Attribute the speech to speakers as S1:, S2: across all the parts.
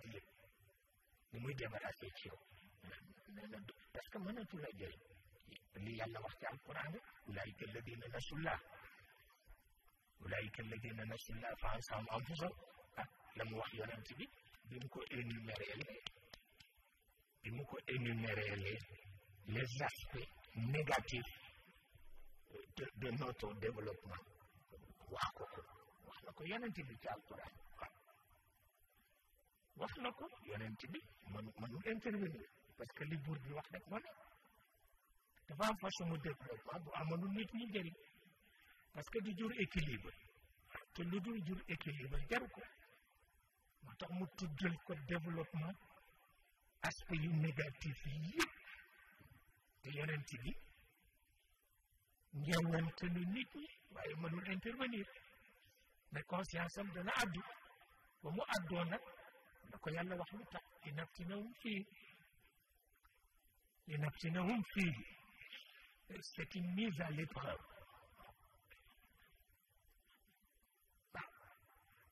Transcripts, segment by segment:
S1: ji ni muy débarrassé parce que mënatu la jël li yàlla wax ci alquran ulaayika alladina nasullah ulaayika alladina nasullah fa ansaam anfusam ah la mu wax yonent bi bi mu ko énuméré bi mu ko énuméré les aspects négatifs de notre développement wax ko wax na ko yonent bi ci alquran wax na ko yonent bi man intervenir parce que li buur bi wax rek moo nekk dafa am façon mu développement bu amalul nit ñi njëriñ parce que di jur équilibre te lu jur équilibre jaru ko moo tax mu tuddal ko développement aspect yu négatif yëpp te yonent bi ñeewante nu nit waaye mënul intervenir mais conscience am dana àddu ba mu àddoo nag لك يلا وحبتا لنفتنهم فيه لنفتنهم فيه استتميز الإبغاو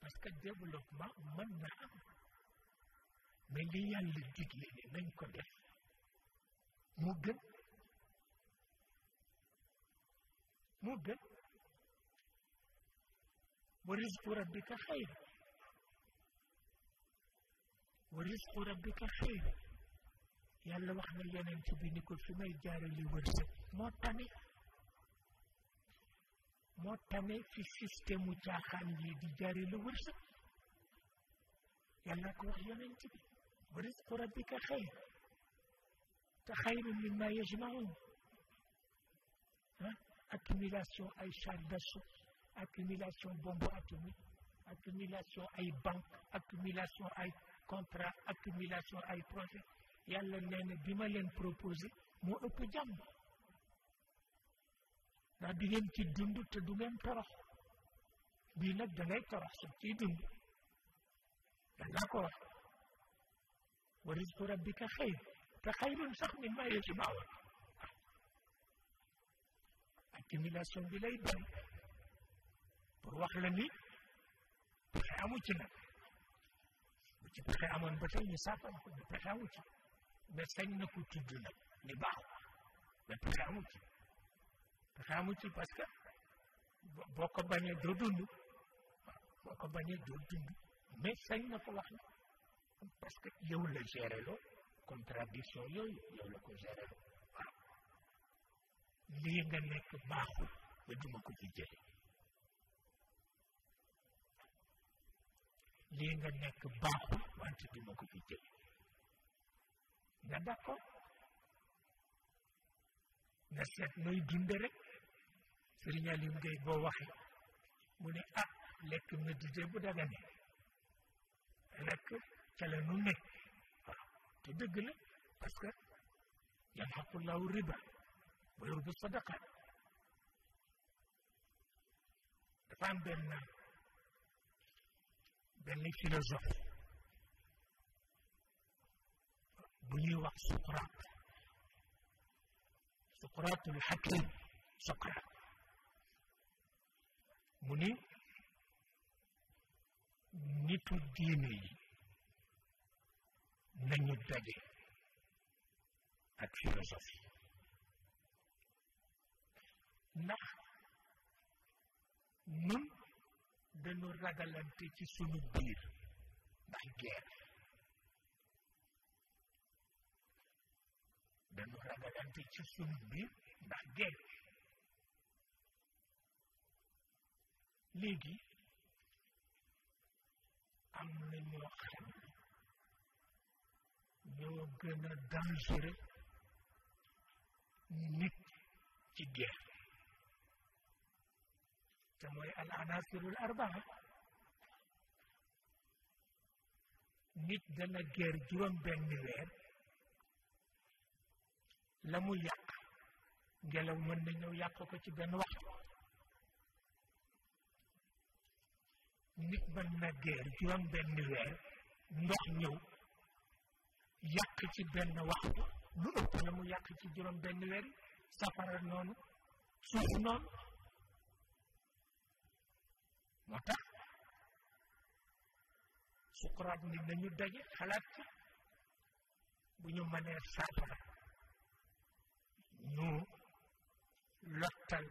S1: بس كدب لك ما من نعم مليان للدجلين من كدف مجد مجد ورزق ربك خير ورزق ربك خير يلا وحنا اللي انا نتبيني كل في ما يجاري اللي ورثه موطني موطني في السيستم تاعها اللي يجاري اللي ورثه يلا وحنا انا نتبي ورزق ربك خير تخير مما يجمعون ها accumulation اي شاردسو d'action accumulation bombe atomique accumulation بنك banque accumulation contrat accumulation ay projet yàlla nee na bi ma leen proposé moo ëpp jàmm ndax di ngeen ci dund te du ngeen torox bii nag da ngay torox sa ciy dund yàlla ko wax wa risqu rabbika xayr te xayrun sax min ma yajmaun accumulation bi lay bari pour wax la ni pexe amu ci nag ci pexe amoon ba tey ñu saafara ko mais pexe amu ci mais sañ na ko tudd ni baaxul mais pexe amu ci pexe parce que boo ko bañee doo dund waaw boo bañee doo dund mais sañ na ko wax parce que yow la géré contradiction yooyu yow la ko géré loo waaw nekk baaxul ba duma ko ci lii nga nekk baaxul wante duma ko fi nga d'accord nga seet nooy dunde rek sëriñ Aliou Ngay boo waxee mu ne ah lekk médité bu daga ne lekk ne waaw dëgg la parce que yamhaqullahu riba wa yurbi sadaqaat dafa am benn بالنفس إلى الزحف بني وقت سقراط سقراط الحكيم سقراط بني nitu diine yi nañu daje ak نحن ndax nun dañu ragalante ci sunu biir ndax guerre dañu ragalante ci sunu biir ndax guerre léegi am na ñoo xam ñoo gën a dangereux nit ci guerre te mooy al anasirul arbaa nit dana geer juróom benn weer la mu yàq ngelaw mën na ñëw yàq ko ci benn waxtu nit mën na geer juróom benn weer ndox ñëw yàq ci benn waxtu lu ëpp la mu yàq ci juróom benn weer safara noonu suuf noonu moo tax sukkuraat ni nañu daje xalaat bu ñu mënee saafara ñu lottal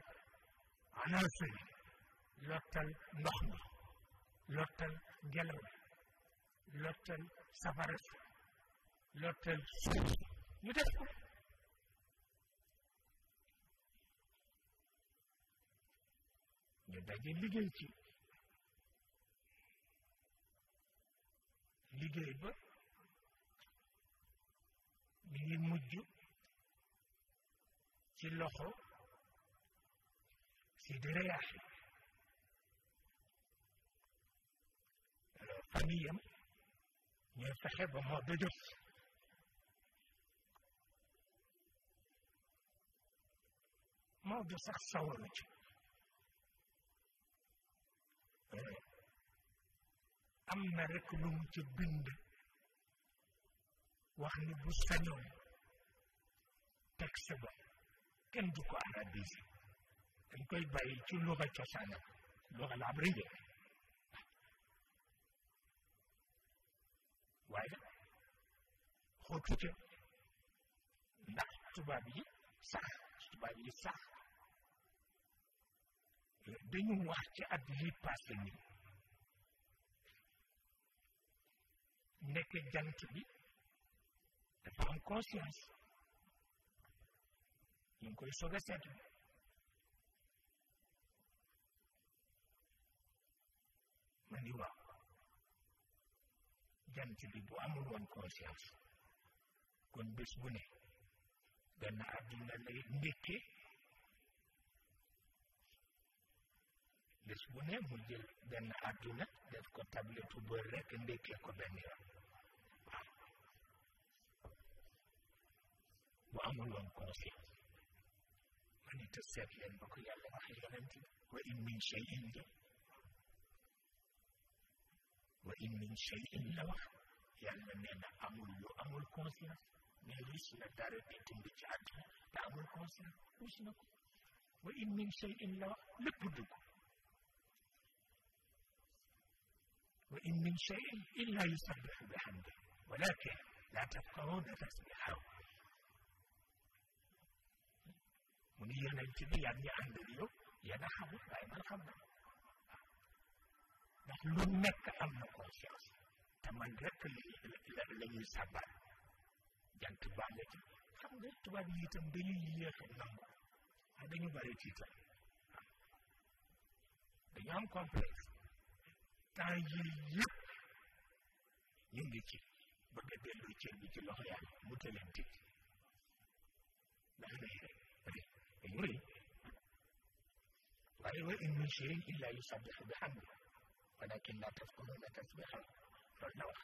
S1: anase yi ndox mi lottal ngelaw li lottal safara si ñu def ko ñu daje liggéey ci li liggéey ba mi ngi mujj ci loxo si di reyaax alors famille am ñooy fexe ba moo ba jot moo sax sawar na ci am na rek lu mu ca bind wax ni bu sañoon texte ba kenn du ko arabisé dañ koy bàyyi ci luga cosaanam luga labriya waaye xóotu ca ndax tubaab yi sax tubaab yi sax dañu wax ci at yi passé nekk jant bi dafa conscience ñu ngi koy soog a seetlu ma ni waaw jant bi conscience mu jël benn àdduna def ko tabletu bër rek mbeke ko ɓenniwa mo amul woon conseil ma ni te seet leen ba ko yàlla waxe yonent wa in min in de wa in min in la wax yàlla nee na amul lu amul conscience mais rus na dara di dund ci àdduna te amul conscience rus na ko wa in min in la wax lépp dugg وإن من شيء إلا يسبح بحمده ولكن لا تفقهون تسبيحه منيا نبتدي يعني عند اليوم يا نحب دائما خبر نحن نك أم نقول شخص تمن رك لم يسبب جن تبان لك كم ده تبان لي تم دليل يك نعم هذا نبالي تيجا دنيام كومبلكس taayee yëpp ñu ngi ci bëgg a dellu cër bi ci loxo yàlla mu tëleen tëj ndax day rëy dañu rëy waaye wa in min shay'in illa yusabbihu bi hamdi walakin la tafqahuna tasbihahu loolu la wax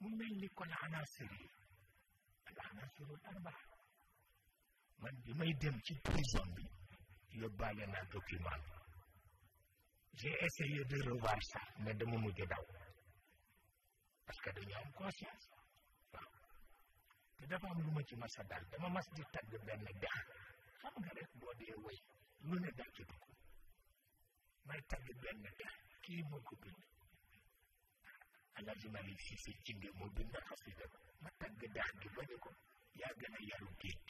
S1: mu mel ni kon anaasir yi al anaasirul arbaa man bi may dem ci prison bi yóbbaale naa document bi j'ai essayé de revoir ça mais dama mujj daw parce dañu am conscience te dafa am lu ma ci mas a daal dama mas di tagg benn dex xam nga rek boo dee wëy lu ne dal ci may tagg benn dex kii moo ko bind Alaaji Malick Cissé Djingué moo bind xasida ma tagg dex gi ba ne ko yaa gën a yaru géej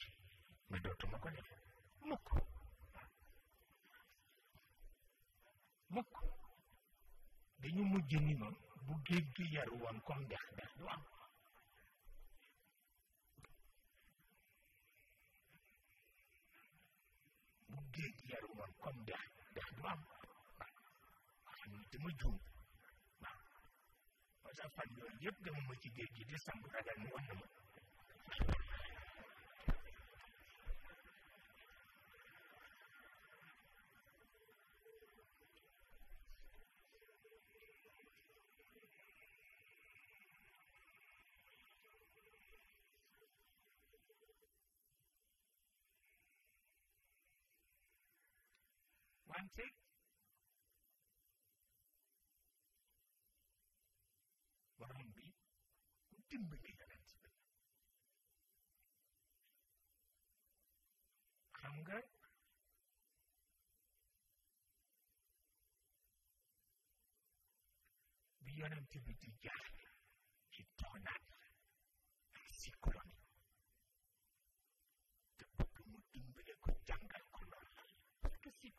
S1: mais dootuma ko def mukk mukk dañu mujj ni ma bu géej gi yaru dex dex bu géej yaru woon dex dex du am waaw xam ni dama juum waaw parce yëpp dama ma ci géej gi di sangu ragal ni woon na ma granted borom bi ku dimbali yonent bi xam bi yonent bi di jaar ci tornade ak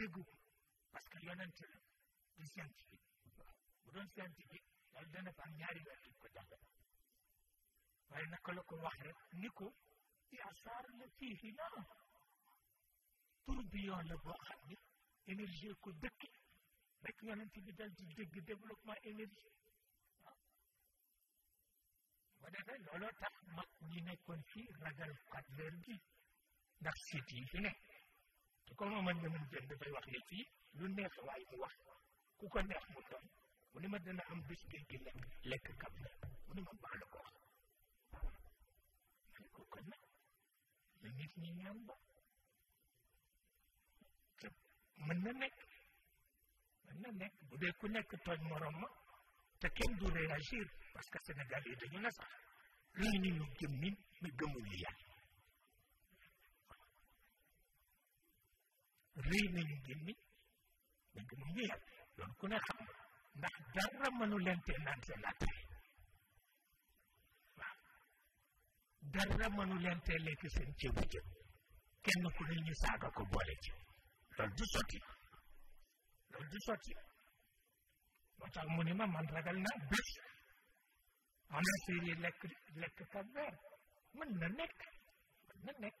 S1: déggu ko parce que yonent la du bu doon scientifique yàlla dana fa ñaari weer di ko jàngal waaye naka la ko wax rek ni ko yasaar la fii fii non tourbillon boo xam ne ko dëkk rek yonent bi dal di dégg développement énergie waaw bu looloo tax mag ñi nekkoon fii ragal quatre heures ndax sit yi te comme man dama jël wax ne fii lu neex waaye mu wax ku ko neex mu toll mu ne ma dana am bés bi lekk lekk na mu ne ma baal ko wax ma ne ko kon nag nit ñi ñaan ba te mën na bu dee ku nekk tooñ morom ma te kenn du réagir parce que Sénégal yi dañu na sax réy ni ñu mi gëmul yàlla réy nañu génni dañ ko mën yéex loolu ku ne xam ndax dara mënu leen te naan seen laajte waaw dara mënu lekk seen ceebu jën kenn ku ne ñu saaga ko boole ci loolu du sotti loolu du sotti moo tax mu ni ma man ragal naa bés en affaire lekk lekk ka weer mën na nekk mën na nekk.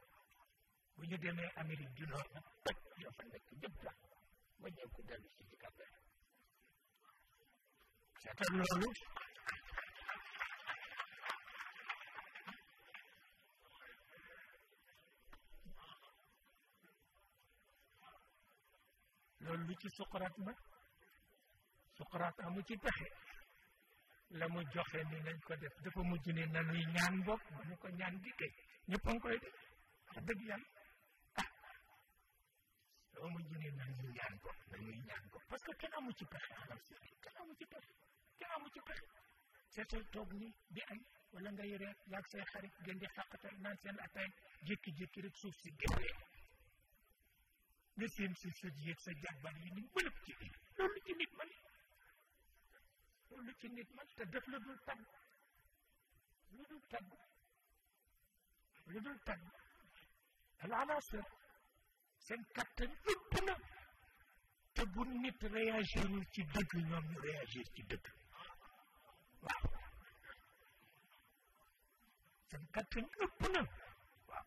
S1: bu ñu demee Amérique du Nord nag toj yoo fa nekk yëpp la wàññeeku dellu lalu ci Cap-Vert seetal loolu loolu lu ci Socrate ba amu ci la mu ni nañ ko def dafa mujj ñaan ko ñaan soo ko ko parce que kenn amu ci pexe xanaa si kenn amu ci pexe kenn amu ci pexe seetal toog ni di añ wala ngay reer yaag say xarit gën di xàqatal naan seen ataay jékki-jékki rek suuf si génnee nga seen si sa yéeg sa jàbbar yi ni bëlëb ci ci nit man loolu ci nit man te def la dul tàgg lu dul tàgg lu dul tàgg al seen kattan ëpp na te bu nit réagirul ci dëgg ñoom ñu réagir ci dëgg waaw seen kattan ëpp na waaw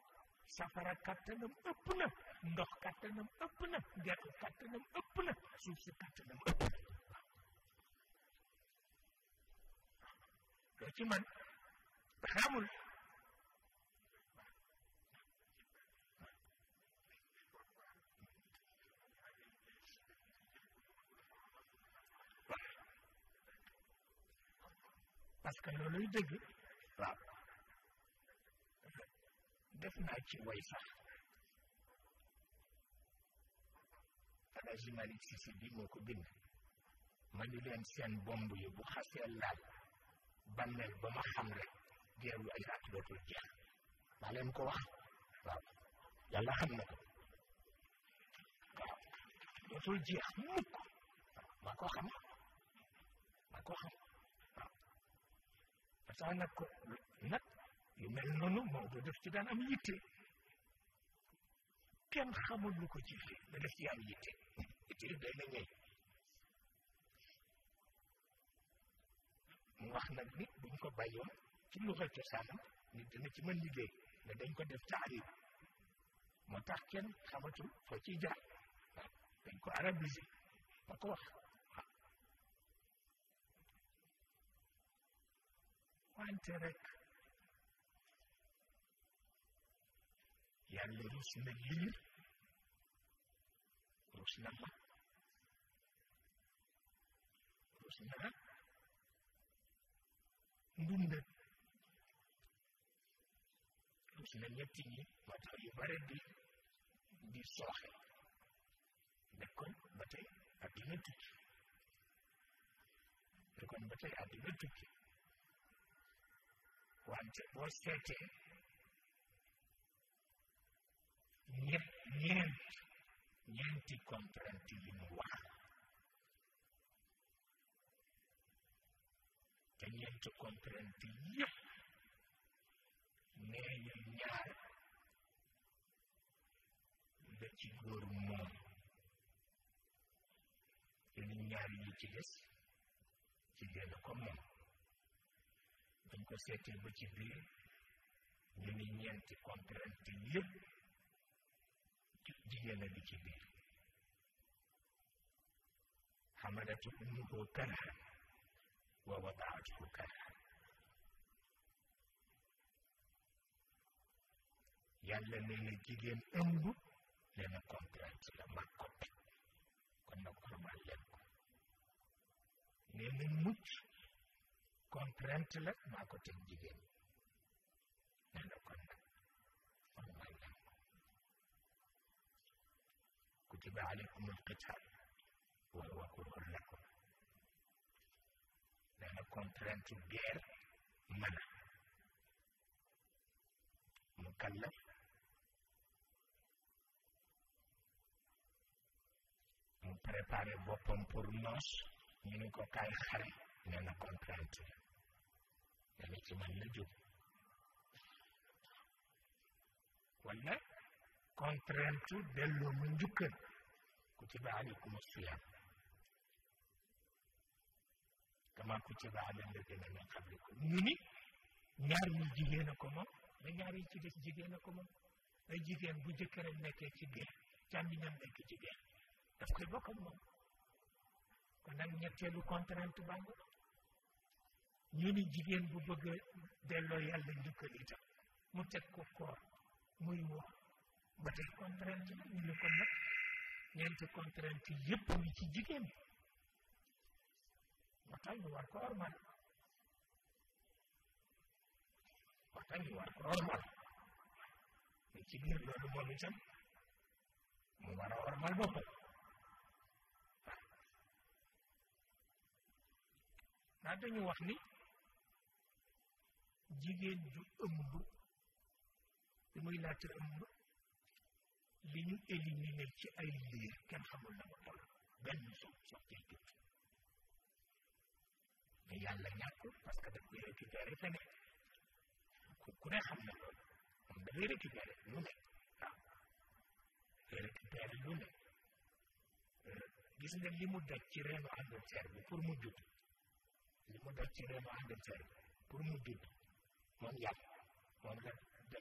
S1: safara kattanam ëpp na ndox kattanam ëpp na gerte kattanam ëpp na suuf si kattanam ëpp na ci man xamul parce que looluy dëgg waaw def naa ci way sax Alaaji Malick Cissé bi moo ko bind ma ñu leen seen bomb yi bu xasee laal bàmmeel ba ma xam rek geeru Irak dootul jeex maa leen ko wax waaw yàlla xam na ko waaw dootul jeex mukk waaw maa ko xam maa ko xam pourtant nag ko nag yu mel noonu Maodo def ci daan am yitte kenn xamul lu ko jiite mais daf ci am yitte yitte yu doy na ñëw mu wax nag ni buñ ko bàyyoon ci luxal cosaanam nit dina ci mën liggéey mais dañ ko def taarib moo tax kenn xamatul foo ciy jaar dañ ko arabisé ma ko wax wante rek yàlla rus na liir rus na mag rus na ndundat rus na ñetti ñi moo yu bare di di sooxe nekkoon ba tey addina tukki nekkoon ba tey addina tukki boo seetee ñëpp ñeent ñeenti contrainte yi mu wax te ñeenti contrainte yëpp nee ñu ñaar la ci moom te ñaar yi ci des ci génn ko moom buñ ko seetee ba ci biir ñu ni ñeenti contrainte yëpp jigéen a bi ci biir xamalatu ummuhu karhan wa wadaatuhu karhan yàlla nee na jigéen ëmb nee na contrainte la mag ko kon nag ormal leen ko nee mucc konkurrentele maa ko tek jigen nee na kon nag kon may na kutiba alaykum alqital wa huwa kurhun lakum nee na contrainte guerre mën a mu kallaf mu pour noos ñu ko kay xarit nee na contrainte nee na ci man la jóg wala contrainte delloo ma njukkal kutiba aleykum siyaam kama kutiba ala alladina min qablikum ñu ni ñaar ñi jigéen a ko moom ba ñaar yi ci jigéen a ko ay jigéen bu jëkkëram nekkee ci guerre càmmiñam nekk ci guerre daf koy bokk ak moom kon nag ñetteelu contrainte ñu ni jigéen bu bëgg a delloo yàlla njukkal itam mu teg ko koor muy woor ba tey contrainte la ñu ñeenti contrainte yépp ni jigéen moo tax ñu war ko ormal moo tax ñu war ko ormal ci biir loolu moom mu war a ormal boppam ndax wax ni jigéen ju ëmb li muy laata ëmb li ñu éliminé ci ay liir kenn xamul na ma toll benn suuf soxna tuuti mais yàlla ñàkkul parce que daf koy récupéré feneen ku ku xam na loolu dafay récupéré lu lu ne euh, gis nga li mu daj ci reenu bi pour mu judd li mu daj ci bi pour mu judd. Ondan, ondan da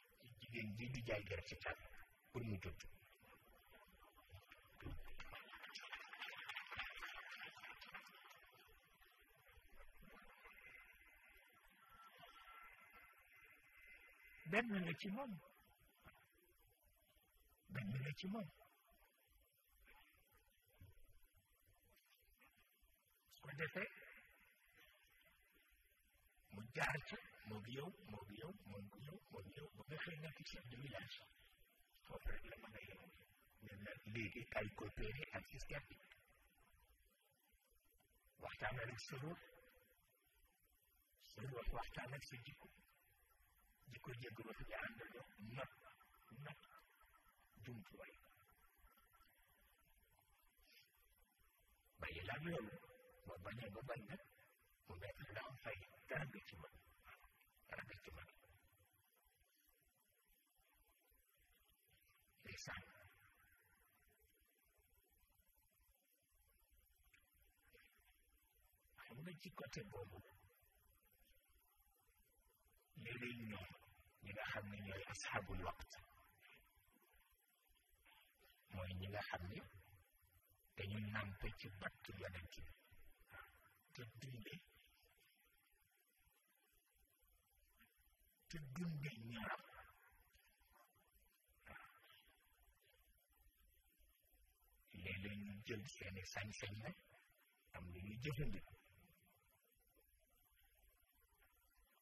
S1: mu jot. benn la ci moom benn la ci moom su ko defee jaar ci moom yow moom yow moom yow moom yow ba nga xëy nekk chef de village foofu rek ne la léegi ay coopéré ak système bi waxtaan ak sa ruux sa ruux waxtaan ak sa jikko jikko jégg wax nga àndandoo not not jumtuwaay bàyyi ولكن ada فيه تأمي جمل تأمي جمل لسان àwọn méjì kan tẹ bọ́ọ̀lù lérí yan nígbà hàmì yan asáàbù lọ́kùtà ñi nga dañu ci battu te dundal ñaram léeg-léeg ñu jël seeni sañ-sañ am lu ñuy jëfandikoo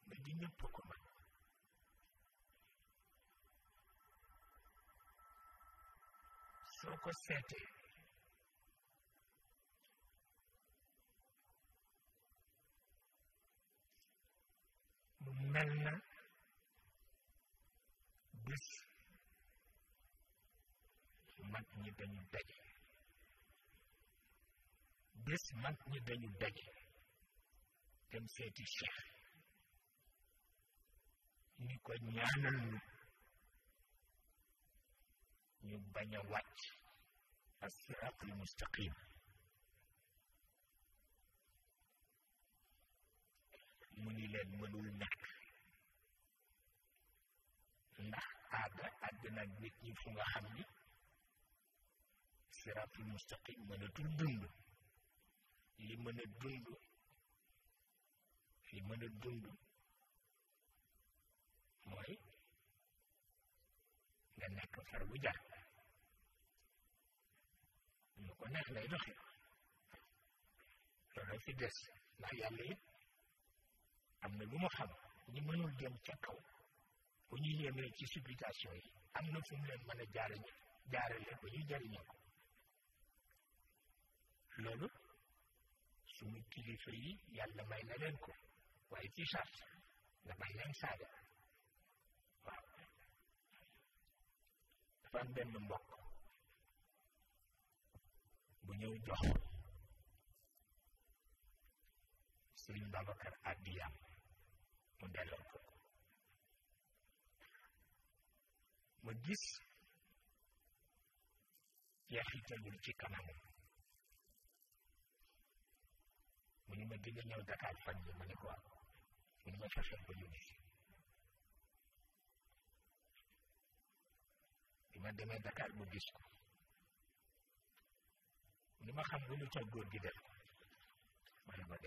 S1: mais di ñëpp ko man soo ko seetee mu mel na gis mag ñi dañu daje gis mag ñi dañu daje dem seeti Cheikh ni ko ñaanal ñu ñu bañ a wàcc as-siraatul mustaqim mu ni leen mënul nekk aada àddina ak nit ñi fu nga xam ni siratul mustaqim mënatul dund li mën a dund li mën a dund mooy nga nekk far bu jar lu ko neex lay doxe loolu fi des ndax yàlla it am na lu mu xam ñi mënul dem ca kaw bu ñuy yemee ci supplication yi am na fu leen mën a jaarale jaarale ba ñuy jariñoo ko loolu suñu kilifa yi yàlla may na leen ko waaye ci charte nga bañ leen saaga waaw dafa benn mbokk bu ñëw jox Sëriñ Babacar àddiyaam mu delloo ko ma gis jeexitalul ci kanamam mu ni ma di nga ñëw Dakar fan yi ma ne ko waaw mu ni ma Dakar mu gis ko mu ni ma xam nga lu tax gi def ma ne ma